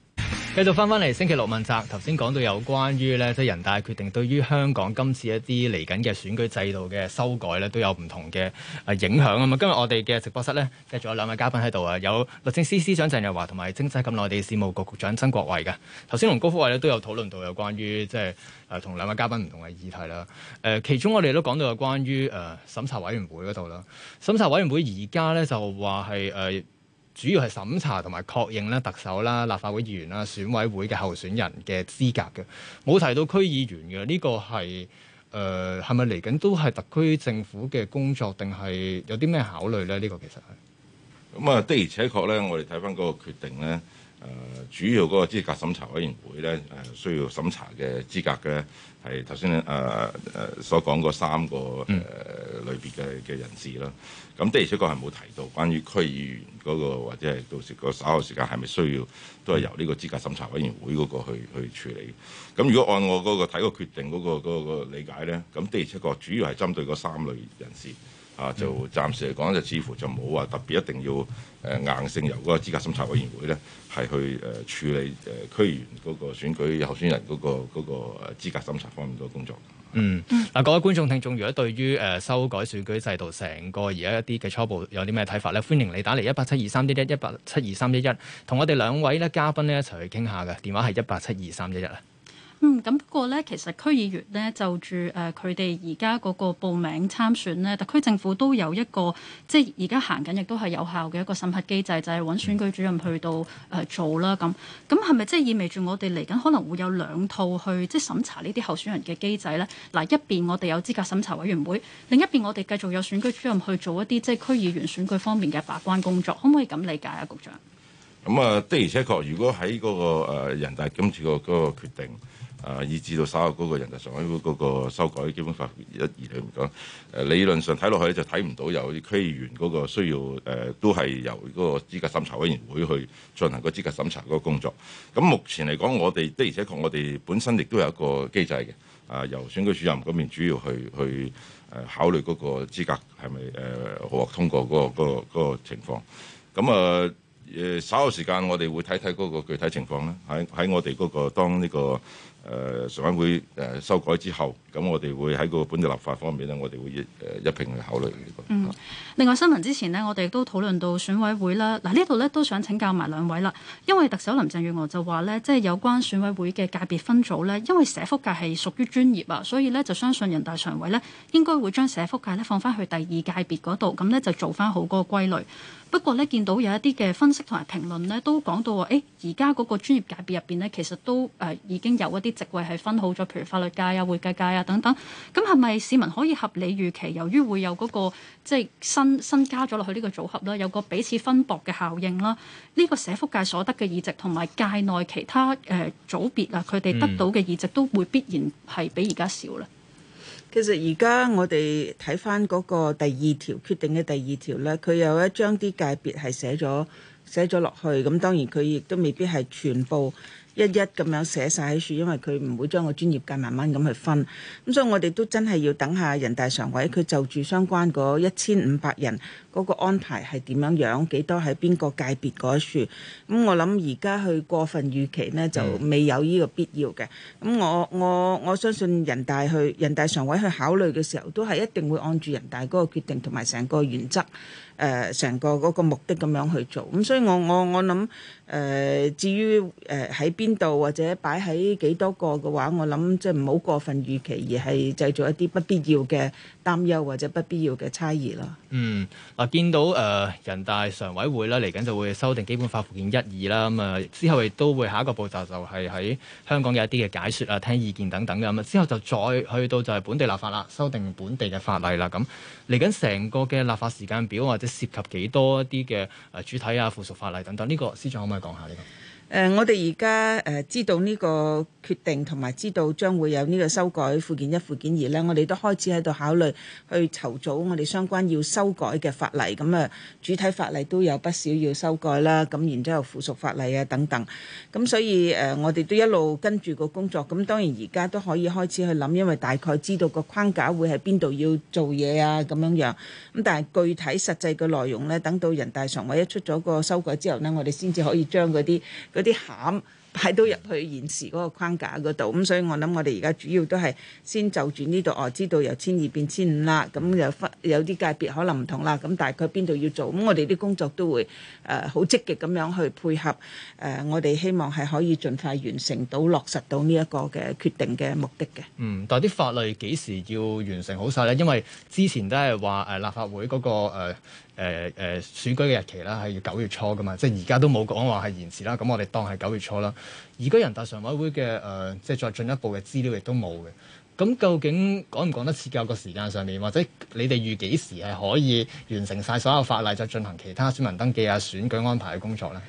繼續翻翻嚟星期六問責，頭先講到有關於咧，即係人大決定對於香港今次一啲嚟緊嘅選舉制度嘅修改咧，都有唔同嘅誒影響啊嘛。今日我哋嘅直播室呢，繼續有兩位嘉賓喺度啊，有律政司司長鄭若驊同埋政制及內地事務局局長曾國衞嘅。頭先同高福華咧都有討論到有關於即係誒同兩位嘉賓唔同嘅議題啦。誒、呃，其中我哋都講到有關於誒審查委員會嗰度啦，審查委員會而家呢，就話係誒。呃主要係審查同埋確認咧特首啦、立法會議員啦、選委會嘅候選人嘅資格嘅，冇提到區議員嘅。呢、這個係誒係咪嚟緊都係特區政府嘅工作，定係有啲咩考慮咧？呢、這個其實係咁啊，的而且確咧，我哋睇翻嗰個決定咧，誒、呃、主要嗰個資格審查委員會咧誒、呃、需要審查嘅資格嘅係頭先誒誒所講嗰三個誒、呃、類別嘅嘅人士啦。咁的而且確係冇提到關於區議員嗰、那個或者係到時個稍後時間係咪需要都係由呢個資格審查委員會嗰個去去處理。咁如果按我嗰、那個睇個決定嗰、那個那個那個理解咧，咁的而且確主要係針對嗰三類人士。啊，就暫時嚟講就似乎就冇話特別一定要誒硬性由嗰個資格審查委員會咧係去誒處理誒區議員嗰個選舉候選人嗰、嗰個嗰、嗰個資格審查方面嘅工作。嗯，嗱、啊、各位觀眾聽眾，如果對於誒、呃、修改選舉制度成個而家一啲嘅初步有啲咩睇法咧，歡迎你打嚟一八七二三一一一八七二三一一，同我哋兩位咧嘉賓呢，一齊去傾下。嘅電話係一八七二三一一啊。嗯，咁不過咧，其實區議員咧就住誒佢哋而家嗰個報名參選咧，特區政府都有一個即係而家行緊，亦都係有效嘅一個審核機制，就係、是、揾選舉主任去到誒、呃、做啦。咁咁係咪即係意味住我哋嚟緊可能會有兩套去即係審查呢啲候選人嘅機制咧？嗱、呃，一邊我哋有資格審查委員會，另一邊我哋繼續有選舉主任去做一啲即係區議員選舉方面嘅把關工作，可唔可以咁理解啊，局長？咁、嗯、啊，的而且確，如果喺嗰個人大今次個嗰個決定。啊，以至到稍後嗰個人大常委會嗰個修改基本法一二嚟講，誒、啊、理論上睇落去就睇唔到有區議員嗰個需要誒、呃，都係由嗰個資格審查委員會去進行個資格審查嗰個工作。咁目前嚟講，我哋的而且確，我哋本身亦都有一個機制嘅。啊，由選舉主任嗰邊主要去去誒考慮嗰個資格係咪誒獲通過嗰個嗰個嗰個嗰個情況。咁啊誒稍後時間我哋會睇睇嗰個具體情況啦。喺喺我哋嗰個當呢個。誒常委、呃、會誒、呃、修改之後，咁我哋會喺個本地立法方面呢，我哋會一誒一併去考慮。嗯，另外新聞之前呢，我哋都討論到選委會啦。嗱呢度呢，都想請教埋兩位啦，因為特首林鄭月娥就話呢，即係有關選委會嘅界別分組呢，因為社福界係屬於專業啊，所以呢，就相信人大常委呢，應該會將社福界呢放翻去第二界別嗰度，咁呢，就做翻好嗰個歸類。不過呢，見到有一啲嘅分析同埋評論呢，都講到話，誒而家嗰個專業界別入邊呢，其實都誒已經有一啲。席位係分好咗，譬如法律界啊、會計界啊等等，咁係咪市民可以合理預期，由於會有嗰、那個即係新新加咗落去呢個組合咧，有個彼此分薄嘅效應啦，呢、這個社福界所得嘅議席同埋界內其他誒、呃、組別啊，佢哋得到嘅議席都會必然係比而家少呢？嗯、其實而家我哋睇翻嗰個第二條決定嘅第二條呢，佢有一張啲界別係寫咗寫咗落去，咁當然佢亦都未必係全部。一一咁樣寫晒喺書，因為佢唔會將個專業界慢慢咁去分，咁所以我哋都真係要等下人大常委，佢就住相關嗰一千五百人。嗰個安排係點樣樣？幾多喺邊個界別嗰一處？咁、嗯、我諗而家去過分預期呢，就未有呢個必要嘅。咁、嗯、我我我相信人大去人大常委去考慮嘅時候，都係一定會按住人大嗰個決定同埋成個原則，誒、呃、成個嗰個目的咁樣去做。咁、嗯、所以我我我諗誒、呃，至於誒喺邊度或者擺喺幾多個嘅話，我諗即係唔好過分預期，而係製造一啲不必要嘅擔憂或者不必要嘅猜疑咯。嗯。見到誒、呃、人大常委會咧，嚟緊就會修訂基本法附件一、二啦，咁誒之後亦都會下一個步驟就係喺香港有一啲嘅解説啦、聽意見等等嘅，咁之後就再去到就係本地立法啦，修訂本地嘅法例啦，咁嚟緊成個嘅立法時間表或者涉及幾多一啲嘅誒主體啊、附屬法例等等，呢、這個司長可唔可以講下呢、這個？誒、呃，我哋而家誒知道呢個決定，同埋知道將會有呢個修改附件一、附件二咧，我哋都開始喺度考慮去籌組我哋相關要修改嘅法例。咁啊，主體法例都有不少要修改啦，咁然之後附屬法例啊等等。咁、嗯、所以誒、呃，我哋都一路跟住個工作。咁當然而家都可以開始去諗，因為大概知道個框架會喺邊度要做嘢啊咁樣樣。咁但係具體實際嘅內容咧，等到人大常委一出咗個修改之後呢，我哋先至可以將嗰啲，嗰啲餡擺到入去現時嗰個框架嗰度，咁所以我諗我哋而家主要都係先就住呢度哦，知道由千二變千五啦，咁有分有啲界別可能唔同啦，咁大概邊度要做，咁我哋啲工作都會誒好積極咁樣去配合誒，我哋希望係可以盡快完成到、落實到呢一個嘅決定嘅目的嘅。嗯，但係啲法律幾時要完成好晒咧？因為之前都係話誒立法會嗰個誒。呃誒誒、呃呃、選舉嘅日期啦，係要九月初㗎嘛，即係而家都冇講話係延遲啦，咁我哋當係九月初啦。而家人大常委會嘅誒、呃，即係再進一步嘅資料亦都冇嘅，咁究竟趕唔趕得切夠個時間上面，或者你哋預幾時係可以完成晒所有法例，就進行其他選民登記啊、選舉安排嘅工作咧？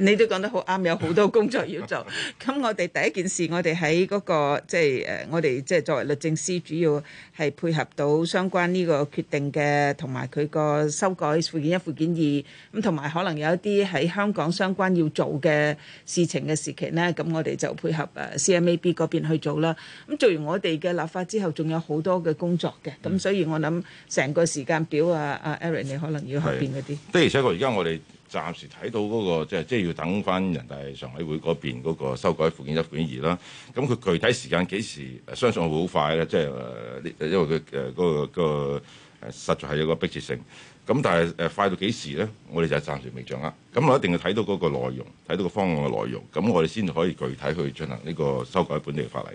你都講得好啱，有好多工作要做。咁我哋第一件事，我哋喺嗰個即係誒，我哋即係作為律政司，主要係配合到相關呢個決定嘅，同埋佢個修改附件一、附件二。咁同埋可能有一啲喺香港相關要做嘅事情嘅時期呢，咁我哋就配合誒 CMAB 嗰邊去做啦。咁做完我哋嘅立法之後，仲有好多嘅工作嘅。咁所以我諗成個時間表啊，阿 Eric，你可能要後邊嗰啲。的而且確，而家我哋。暫時睇到嗰個即係即係要等翻人大常委會嗰邊嗰個修改附件一、附件二啦。咁佢具體時間幾時？相信會好快嘅，即係因為佢誒嗰個嗰個誒實在係一個迫切性。咁但係誒快到幾時咧？我哋就暫時未掌握。咁我一定要睇到嗰個內容，睇到個方案嘅內容，咁我哋先可以具體去進行呢個修改本地嘅法例，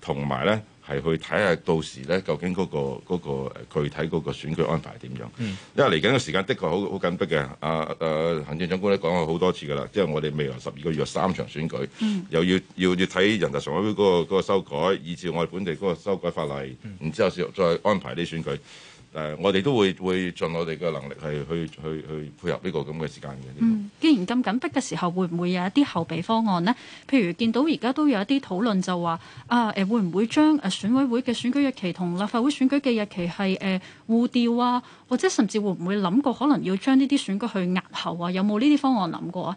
同埋咧係去睇下到時咧究竟嗰個嗰個誒具體嗰個選舉安排點樣？因為嚟緊嘅時間的確好好緊迫嘅。阿誒行政長官都講過好多次㗎啦，即係我哋未來十二個月有三場選舉，又要要要睇人大常委會嗰個嗰個修改，以至我哋本地嗰個修改法例，然之後再安排啲選舉。誒，我哋都會會盡我哋嘅能力係去去去配合呢個咁嘅時間嘅。嗯，既然咁緊迫嘅時候，會唔會有一啲後備方案呢？譬如見到而家都有一啲討論就話啊，誒會唔會將誒選委會嘅選舉日期同立法會選舉嘅日期係誒、呃、互調啊？或者甚至會唔會諗過可能要將呢啲選舉去押後啊？有冇呢啲方案諗過啊？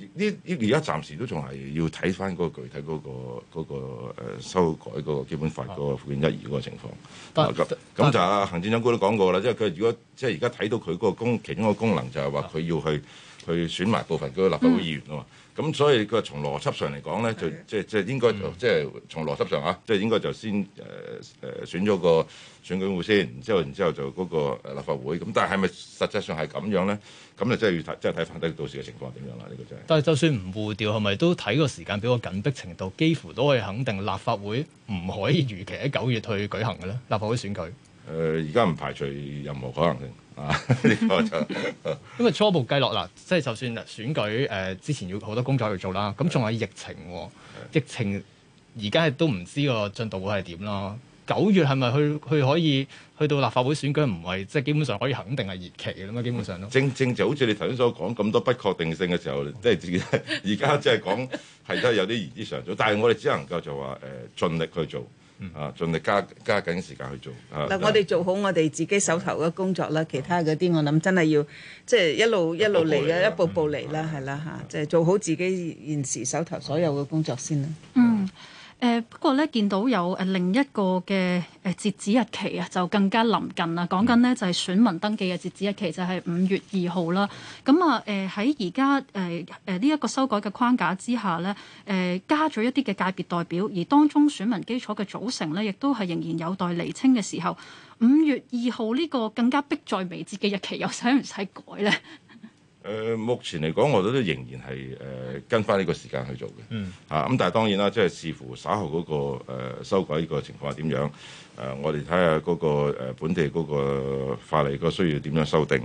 呢呢而家暫時都仲係要睇翻嗰個具體嗰、嗰個嗰、嗰個、呃、修改嗰個基本法嗰個附件一二嗰個情況。咁但、啊、就啊行政長官都講過啦，即係佢如果即係而家睇到佢個功其中一個功能就係話佢要去、嗯、去選埋部分嗰個立法會議員啊嘛。咁所以佢從邏輯上嚟講咧的，就即係即係應該就即係從邏輯上啊，即係應該就先誒誒、呃、選咗個選舉會先，然之後然之後就嗰個立法會。咁但係係咪實際上係咁樣咧？咁就即係要真係睇翻睇到時嘅情況點樣啦。呢個真係。但係就算唔互調，係咪都睇個時間表個緊迫程度，幾乎都可以肯定立法會唔可以預期喺九月去舉行嘅咧？立法會選舉。誒而家唔排除任何可能性。呢個就因為初步計落嗱，即係就算嗱選舉之前要好多工作去做啦，咁仲有疫情，疫情而家都唔知個進度會係點咯。九月係咪去去可以去到立法會選舉，唔係即係基本上可以肯定係熱期咁樣，基本上正正就好似你頭先所講咁多不確定性嘅時候，即係而家即係講係真係有啲言之尚早，但係我哋只能夠就話誒盡力去做。啊！盡力加加緊時間去做。嗱，我哋做好我哋自己手頭嘅工作啦，其他嗰啲我諗真係要即係一路一路嚟啊，一步步嚟啦，係啦嚇，即係做好自己現時手頭所有嘅工作先啦。嗯。誒、呃、不過咧，見到有誒另一個嘅誒、呃、截止日期啊，就更加臨近啦。講緊咧就係、是、選民登記嘅截止日期，就係五月二號啦。咁啊誒喺而家誒誒呢一個修改嘅框架之下咧，誒、呃、加咗一啲嘅界別代表，而當中選民基礎嘅組成咧，亦都係仍然有待釐清嘅時候，五月二號呢個更加迫在眉睫嘅日期，又使唔使改咧？誒、呃、目前嚟講，我哋都仍然係誒、呃、跟翻呢個時間去做嘅，嚇咁、嗯啊。但係當然啦，即係視乎稍後嗰、那個、呃、修改呢個情況係點樣。誒、呃、我哋睇下嗰個、呃、本地嗰個法例個需要點樣修訂。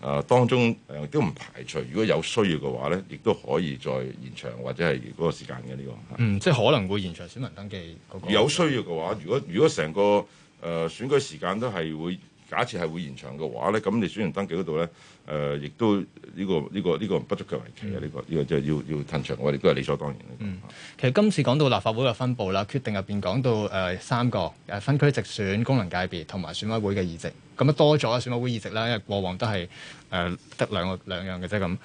啊、呃，當中誒、呃、都唔排除，如果有需要嘅話咧，亦都可以再延長或者係嗰個時間嘅呢、這個。嗯，即係可能會延長選民登記嗰個。有需要嘅話，如果如果成個誒、呃、選舉時間都係會。假設係會延長嘅話咧，咁你選人登記嗰度咧，誒、呃，亦都呢、這個呢、這個呢、這個不足為奇啊！呢、這個呢、這個即係、這個、要要騰長我哋都係理所當然、這個嗯、其實今次講到立法會嘅分佈啦，決定入邊講到誒、呃、三個誒、呃、分區直選、功能界別同埋選委會嘅議席，咁啊多咗選委會議席啦，因為過往都係誒得兩個兩樣嘅啫咁。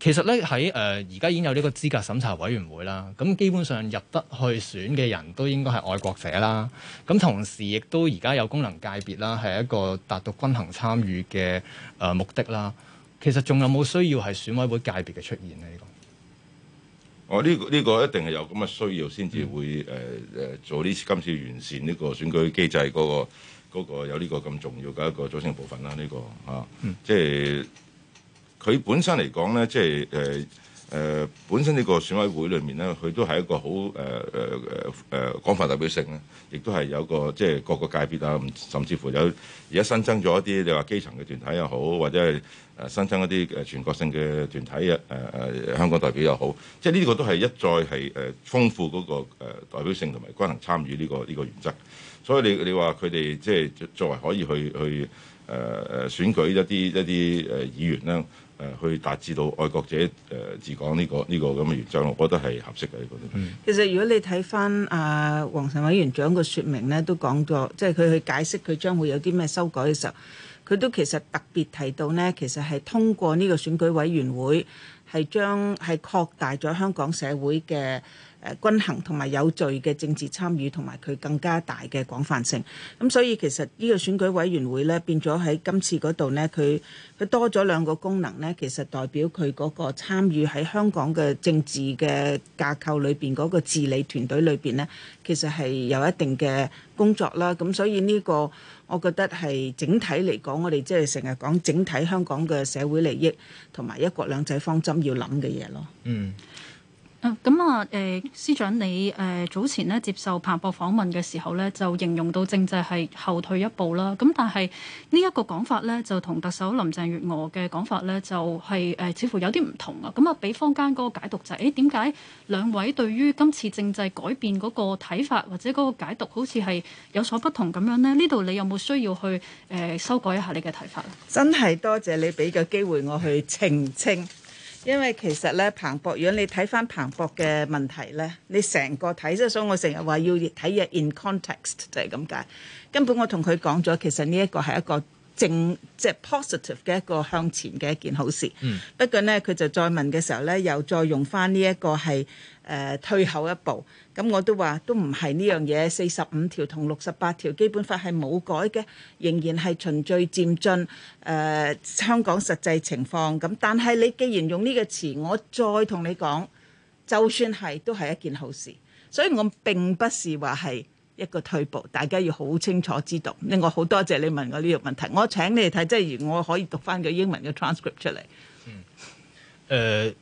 其實咧喺誒而家已經有呢個資格審查委員會啦，咁基本上入得去選嘅人都應該係愛國者啦。咁同時亦都而家有功能界別啦，係一個達到均衡參與嘅誒目的啦。其實仲有冇需要係選委會界別嘅出現咧？呢、哦呢個？哦，呢個呢個一定係有咁嘅需要先至會誒誒、嗯呃、做呢次今次完善呢個選舉機制嗰、嗰個嗰個有呢個咁重要嘅一個組成部分啦。呢、呢個嚇，啊嗯、即係。佢本身嚟講咧，即係誒誒本身呢個選委會裏面咧，佢都係一個好誒誒誒誒廣泛代表性啊！亦都係有個即係各個界別啊，甚至乎有而家新增咗一啲你話基層嘅團體又好，或者係誒新增一啲誒全國性嘅團體嘅誒誒香港代表又好，即係呢個都係一再係誒、呃、豐富嗰個代表性同埋均衡參與呢、這個呢、這個原則。所以你你話佢哋即係作為可以去去誒誒選舉一啲一啲誒議員咧。誒、呃、去達至到愛國者誒治、呃、港呢、這個呢、這個咁嘅原則，我覺得係合適嘅呢個。嗯、其實如果你睇翻阿王晨委員長嘅説明咧，都講咗，即係佢去解釋佢將會有啲咩修改嘅時候，佢都其實特別提到呢，其實係通過呢個選舉委員會係將係擴大咗香港社會嘅。均衡同埋有序嘅政治參與同埋佢更加大嘅廣泛性。咁所以其實呢個選舉委員會咧，變咗喺今次嗰度咧，佢佢多咗兩個功能咧，其實代表佢嗰個參與喺香港嘅政治嘅架構裏邊嗰個治理團隊裏邊咧，其實係有一定嘅工作啦。咁所以呢個我覺得係整體嚟講，我哋即係成日講整體香港嘅社會利益同埋一國兩制方針要諗嘅嘢咯。嗯。咁啊，誒、嗯嗯、司長，你誒、嗯、早前呢接受彭博訪問嘅時候呢，就形容到政制係後退一步啦。咁、嗯、但係呢一個講法呢，就同特首林鄭月娥嘅講法呢，就係、是、誒、呃、似乎有啲唔同啊。咁、嗯、啊，俾坊間嗰個解讀就係、是：誒點解兩位對於今次政制改變嗰個睇法或者嗰個解讀好似係有所不同咁樣呢？呢度你有冇需要去誒、呃、修改一下你嘅睇法咧？真係多謝你俾個機會我去澄清。因為其實咧，彭博如果你睇翻彭博嘅問題咧，你成個睇即係，所以我成日話要睇嘢 in context 就係噉解。根本我同佢講咗，其實呢一個係一個。正即係 positive 嘅一個向前嘅一件好事。嗯、不過呢，佢就再問嘅時候呢，又再用翻呢一個係誒、呃、退後一步。咁我都話都唔係呢樣嘢。四十五條同六十八條基本法係冇改嘅，仍然係循序漸進誒香港實際情況，咁。但係你既然用呢個詞，我再同你講，就算係都係一件好事。所以我並不是話係。一個退步，大家要好清楚知道。另外好多謝你問我呢個問題，我請你睇，即係我可以讀翻個英文嘅 transcript 出嚟。嗯。呃、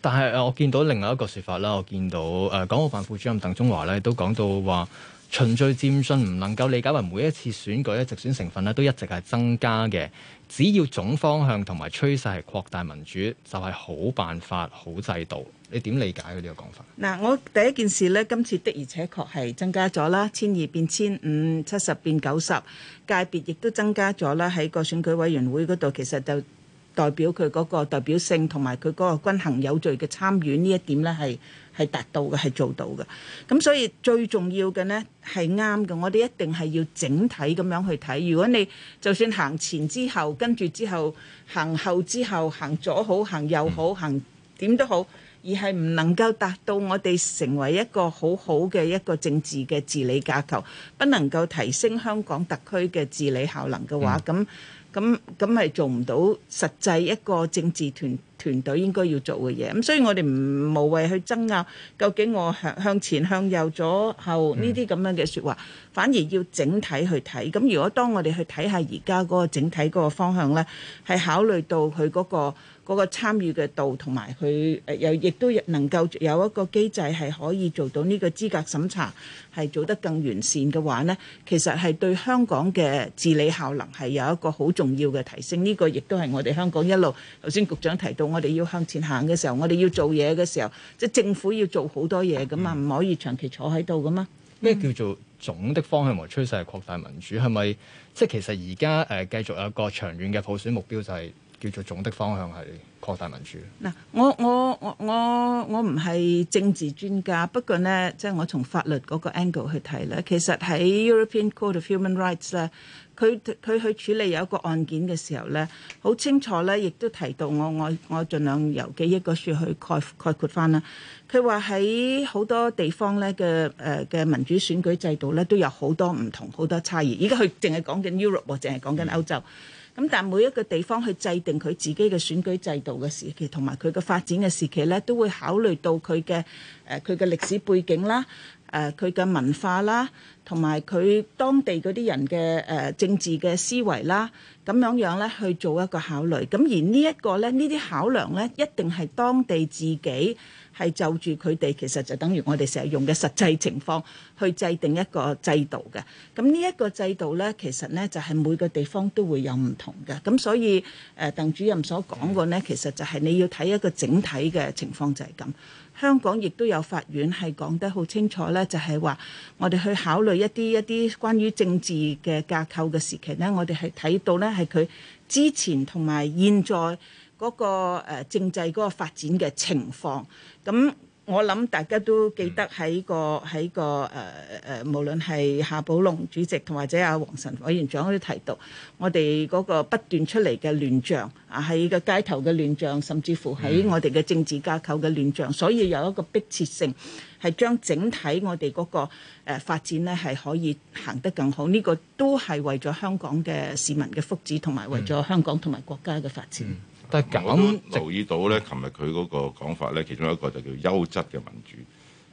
但係我見到另外一個說法啦，我見到誒、呃、港澳辦副主任鄧中華咧都講到話，循序漸進唔能夠理解為每一次選舉嘅直選成分呢都一直係增加嘅，只要總方向同埋趨勢係擴大民主，就係、是、好辦法、好制度。你點理解呢個講法？嗱，我第一件事呢，今次的而且確係增加咗啦，千二變千五，七十變九十，界別亦都增加咗啦。喺個選舉委員會嗰度，其實就代表佢嗰個代表性同埋佢嗰個均衡有序嘅參與呢一點呢，係係達到嘅，係做到嘅。咁所以最重要嘅呢，係啱嘅，我哋一定係要整體咁樣去睇。如果你就算行前之後，跟住之後行後之後，行左好，行右好，行點都好。而係唔能夠達到我哋成為一個好好嘅一個政治嘅治理架構，不能夠提升香港特區嘅治理效能嘅話，咁咁咁係做唔到實際一個政治團隊。團隊應該要做嘅嘢，咁所以我哋唔無謂去爭拗究竟我向向前、向右、左、後呢啲咁樣嘅説話，反而要整體去睇。咁如果當我哋去睇下而家嗰個整體嗰個方向呢，係考慮到佢嗰個嗰個參與嘅度同埋佢又亦都能夠有一個機制係可以做到呢個資格審查係做得更完善嘅話呢，其實係對香港嘅治理效能係有一個好重要嘅提升。呢個亦都係我哋香港一路頭先局長提到。我哋要向前行嘅時候，我哋要做嘢嘅時候，即係政府要做好多嘢噶嘛，唔可以長期坐喺度噶嘛。咩叫做總的方向和趨勢係擴大民主？係咪即係其實而家誒繼續有一個長遠嘅普選目標就係叫做總的方向係擴大民主？嗱，我我我我我唔係政治專家，不過呢，即係我從法律嗰個 angle 去睇咧，其實喺 European Court of Human Rights 咧。佢佢去處理有一個案件嘅時候呢，好清楚呢，亦都提到我我我盡量由記憶嗰處去概概括返啦。佢話喺好多地方呢嘅誒嘅民主選舉制度呢，都有好多唔同好多差異。而家佢淨係講緊 Europe，淨係講緊歐洲。咁、嗯、但係每一個地方去制定佢自己嘅選舉制度嘅時期，同埋佢嘅發展嘅時期呢，都會考慮到佢嘅誒佢嘅歷史背景啦。誒佢嘅文化啦，同埋佢當地嗰啲人嘅誒、呃、政治嘅思維啦，咁樣樣咧去做一個考慮。咁而呢一個咧，呢啲考量咧，一定係當地自己係就住佢哋其實就等於我哋成日用嘅實際情況去制定一個制度嘅。咁呢一個制度咧，其實咧就係、是、每個地方都會有唔同嘅。咁所以誒、呃，鄧主任所講過咧，其實就係你要睇一個整體嘅情況就係咁。香港亦都有法院係講得好清楚咧，就係話我哋去考慮一啲一啲關於政治嘅架構嘅時期咧，我哋係睇到咧係佢之前同埋現在嗰個誒政制嗰個發展嘅情況咁。我諗大家都記得喺個喺個誒誒、呃，無論係夏寶龍主席同或者阿王晨委員長都提到，我哋嗰個不斷出嚟嘅亂象啊，喺個街頭嘅亂象，甚至乎喺我哋嘅政治架構嘅亂象，所以有一個迫切性，係將整體我哋嗰個誒發展呢係可以行得更好。呢、這個都係為咗香港嘅市民嘅福祉，同埋為咗香港同埋國家嘅發展。嗯嗯。我都留意到咧，琴日佢嗰個講法咧，其中一個就叫優質嘅民主，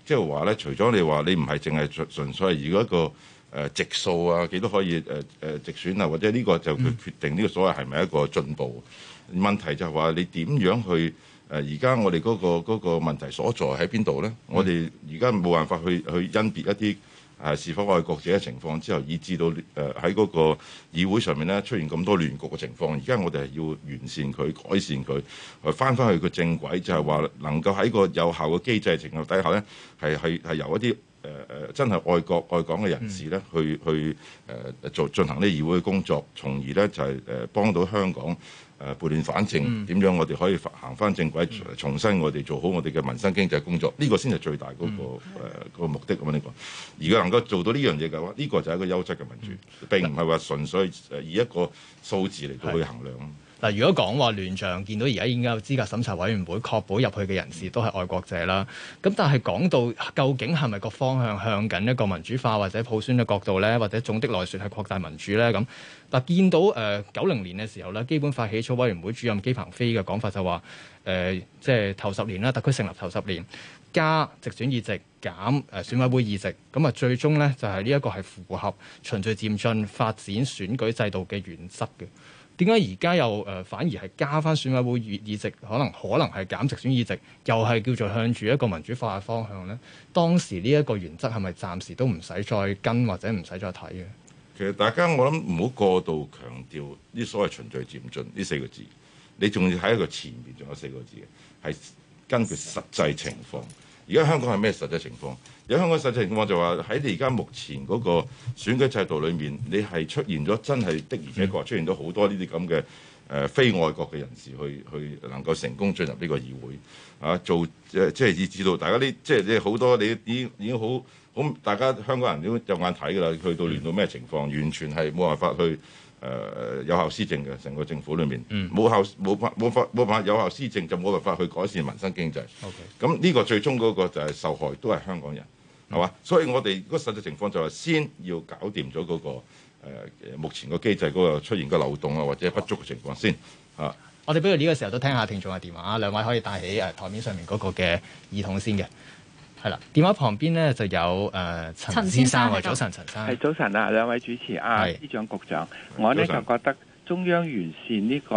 即係話咧，除咗你話你唔係淨係純粹係如果一個誒、呃、直數啊，幾多可以誒誒、呃、直選啊，或者呢個就佢決定呢個所謂係咪一個進步？嗯、問題就係話你點樣去誒，而、呃、家我哋嗰、那個嗰、那個問題所在喺邊度咧？嗯、我哋而家冇辦法去去甄別一啲。誒是否愛國者嘅情況之後，以致到誒喺嗰個議會上面咧出現咁多亂局嘅情況。而家我哋係要完善佢、改善佢，來翻返去個正軌，就係、是、話能夠喺個有效嘅機制情況底下咧，係係係由一啲誒誒真係愛國愛港嘅人士咧去去誒、呃、做進行啲議會嘅工作，從而咧就係、是、誒、呃、幫到香港。誒撥亂反正，點樣我哋可以行翻正軌，重新我哋做好我哋嘅民生經濟工作？呢個先係最大嗰個誒嗰個目的，咁呢個。而如果能夠做到呢樣嘢嘅話，呢個就係一個優質嘅民主，並唔係話純粹以一個數字嚟到去衡量嗱，如果講話亂象，見到而家已經有資格審查委員會確保入去嘅人士都係愛國者啦。咁但係講到究竟係咪個方向向緊一個民主化或者普選嘅角度呢？或者總的來説係擴大民主呢？咁嗱，見到誒九零年嘅時候呢，基本法起草委員會主任姬鵬飛嘅講法就話誒，即、呃、係、就是、頭十年啦，特區成立頭十年加直選議席減誒選委會議席，咁啊最終呢就係呢一個係符合循序漸進發展選舉制度嘅原則嘅。點解而家又誒、呃、反而係加返選委會議席，可能可能係減直選議席，又係叫做向住一個民主化嘅方向咧？當時呢一個原則係咪暫時都唔使再跟或者唔使再睇嘅？其實大家我諗唔好過度強調呢所謂循序漸進呢四個字，你仲要睇佢前面仲有四個字嘅，係根據實際情況。而家香港係咩實際情況？而家香港實際情況就話喺你而家目前嗰個選舉制度裡面，你係出現咗真係的，的而且確出現咗好多呢啲咁嘅誒非外國嘅人士去去能夠成功進入呢個議會啊，做、呃、即即係以至到大家啲即係你好多你已已經好好，大家香港人都有眼睇㗎啦，去到亂、嗯、到咩情況，完全係冇辦法去。誒有效施政嘅成個政府裏面，冇、嗯、效冇冇法冇法有效施政，就冇辦法去改善民生經濟。咁呢 Okay. 個最終嗰個就係受害都係香港人，係嘛？嗯、所以我哋個實際情況就係先要搞掂咗嗰個、呃、目前個機制嗰個出現嘅漏洞啊，或者不足嘅情況先嚇。好啊、我哋不如呢個時候都聽下聽眾嘅電話啊，兩位可以帶起誒、呃、台面上面嗰個嘅耳筒先嘅。係啦，電話旁邊咧就有誒、呃、陳先生，先生早晨，陳生。係早晨啊，兩位主持啊，司是長、局長，我咧上就覺得中央完善呢個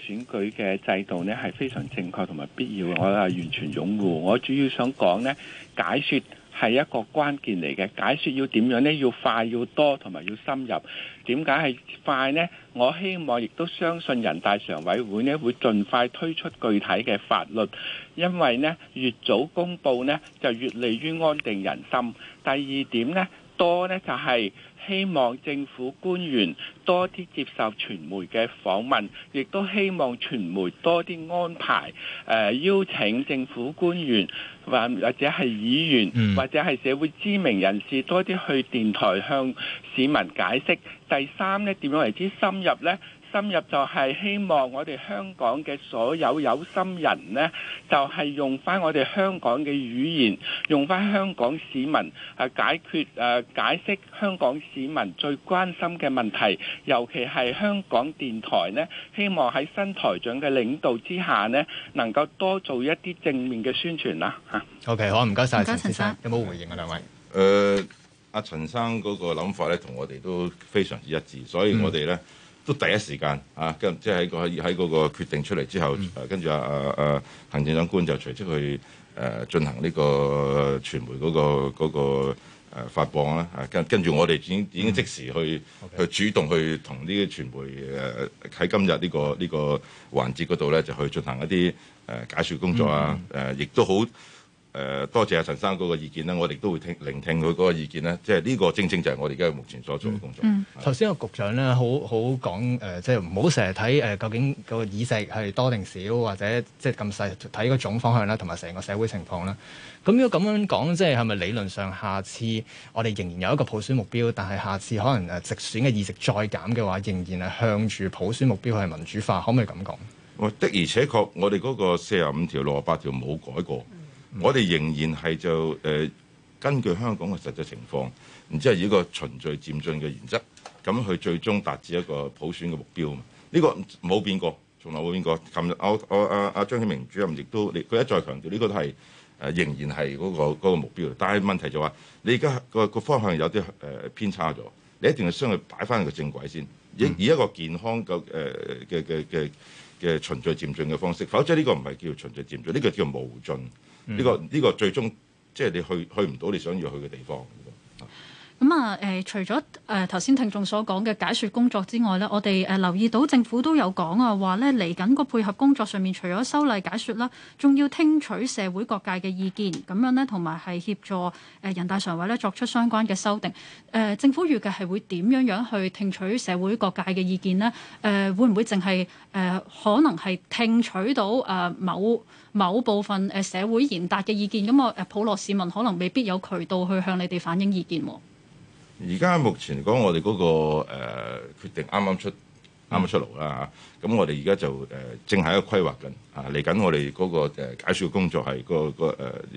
選舉嘅制度咧係非常正確同埋必要嘅，我啊完全擁護。我主要想講咧，解説。係一個關鍵嚟嘅解説，要點樣呢？要快、要多，同埋要深入。點解係快呢？我希望亦都相信人大常委會呢會盡快推出具體嘅法律，因為呢，越早公布呢，就越利於安定人心。第二點呢，多呢就係、是。希望政府官員多啲接受傳媒嘅訪問，亦都希望傳媒多啲安排誒、呃、邀請政府官員或或者係議員或者係社會知名人士多啲去電台向市民解釋。第三呢，點樣為之深入呢？深入就係希望我哋香港嘅所有有心人呢，就係用翻我哋香港嘅語言，用翻香港市民係解決誒解釋香港市民最關心嘅問題，尤其係香港電台呢，希望喺新台長嘅領導之下呢，能夠多做一啲正面嘅宣傳啦嚇。OK，好，唔該晒陳先生，有冇回應啊兩位？誒，阿陳生嗰個諗法呢，同我哋都非常之一致，所以我哋呢。都第一時間啊，跟即係喺、那個喺嗰個決定出嚟之後，誒、嗯、跟住啊啊啊行政長官就隨即去誒、呃、進行呢個傳媒嗰、那個嗰個誒發佈啦，跟跟住我哋已經已經即時去、嗯、去主動去同呢啲傳媒誒喺、呃、今日呢、這個呢、這個環節嗰度咧，就去進行一啲誒、呃、解説工作啊，誒亦、嗯啊、都好。誒多謝阿陳生哥嘅意見咧，我哋都會聽聆聽佢嗰個意見咧，即係呢個正正就係我哋而家目前所做嘅工作。頭先個局長咧，好好講誒，即係唔好成日睇誒，究竟個議席係多定少，或者即係咁細睇個總方向啦，同埋成個社會情況啦。咁如果咁樣講，即係係咪理論上下次我哋仍然有一個普選目標，但係下次可能誒直選嘅議席再減嘅話，仍然係向住普選目標去民主化？可唔可以咁講？的而且確，我哋嗰個四十五條六十八條冇改過。我哋仍然係就誒、呃、根據香港嘅實際情況，然之後依個循序漸進嘅原則，咁佢最終達至一個普選嘅目標。呢、這個冇變過，從來冇變過？琴日我我阿阿張曉明主任亦都佢一再強調，呢、這個都係誒、呃、仍然係嗰、那個那個目標。但係問題就話你而家個個方向有啲誒、呃、偏差咗，你一定要將佢擺翻個正軌先，以,以一個健康嘅誒嘅嘅嘅嘅循序漸進嘅方式。否則呢個唔係叫循序漸進，呢、這個叫做無盡。呢、這個呢、這個最終，即係你去去唔到你想要去嘅地方。咁啊，誒、嗯呃，除咗誒頭先聽眾所講嘅解説工作之外咧，我哋誒、呃、留意到政府都有講啊，話咧嚟緊個配合工作上面，除咗修例解説啦，仲要聽取社會各界嘅意見咁樣咧，同埋係協助誒人大常委咧作出相關嘅修訂。誒、呃，政府預計係會點樣樣去聽取社會各界嘅意見咧？誒、呃，會唔會淨係誒可能係聽取到誒、呃、某某部分誒社會賢達嘅意見咁啊？誒、嗯呃，普羅市民可能未必有渠道去向你哋反映意見喎。而家目前嚟講，我哋嗰、那個誒、呃、決定啱啱出啱啱出爐啦嚇，咁、啊、我哋而家就誒、呃、正喺一個規劃緊啊，嚟緊我哋嗰、那個誒、呃、解説工作係、那個個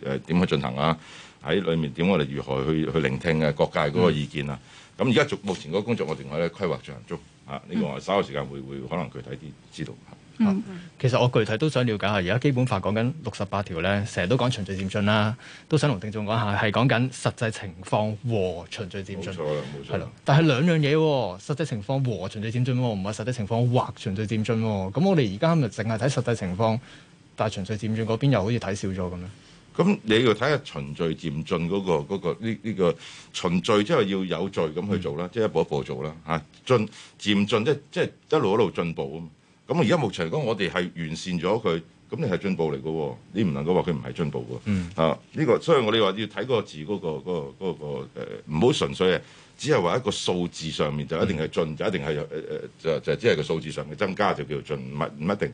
誒誒點去進行啊？喺裡面點我哋如何去去聆聽嘅、啊、各界嗰個意見啊？咁而家就目前嗰個工作，我哋喺咧規劃進行中嚇，呢、啊這個稍後時間會會可能具體啲知道、啊。嗯、其實我具體都想了解下，而家基本法講緊六十八條咧，成日都講循序漸進啦，都想同聽眾講下，係講緊實際情況和循序漸進，冇錯啦，冇錯，係啦。但係兩樣嘢，實際情況和循序漸進喎，唔係實際情況或循序漸進喎。咁我哋而家咪淨係睇實際情況，但係循序漸進嗰邊又好似睇少咗咁樣。咁、嗯、你要睇下循序漸進嗰、嗰個呢呢、嗰個、呢個、循序，之後要有序咁去做啦，即係一步一步做啦，嚇、啊、進漸進，即即係一路一路進步啊。咁而家目前嚟講，我哋係完善咗佢，咁你係進步嚟嘅喎，你唔能夠話佢唔係進步嘅喎。嗯、啊，呢個，所以我哋話要睇個字嗰個嗰個嗰個誒，唔好純粹啊，只係話一個數字上面就一定係進，嗯、就一定係誒誒，就就只係個數字上嘅增加就叫做進，唔唔一定。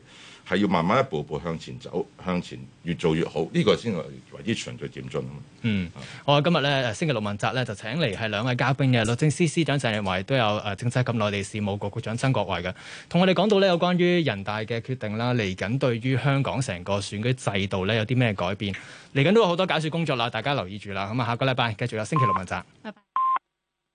係要慢慢一步步向前走，向前越做越好，呢、這個先係為之循序漸進啊！嗯，我今日咧星期六問責咧，就請嚟係兩位嘉賓嘅律政司司長鄭若驊，都有誒政制及內地事務局局長曾國衞嘅，同我哋講到呢，有關於人大嘅決定啦，嚟緊對於香港成個選舉制度咧有啲咩改變，嚟緊都有好多解説工作啦，大家留意住啦，咁啊下個禮拜繼續有星期六問責，拜拜。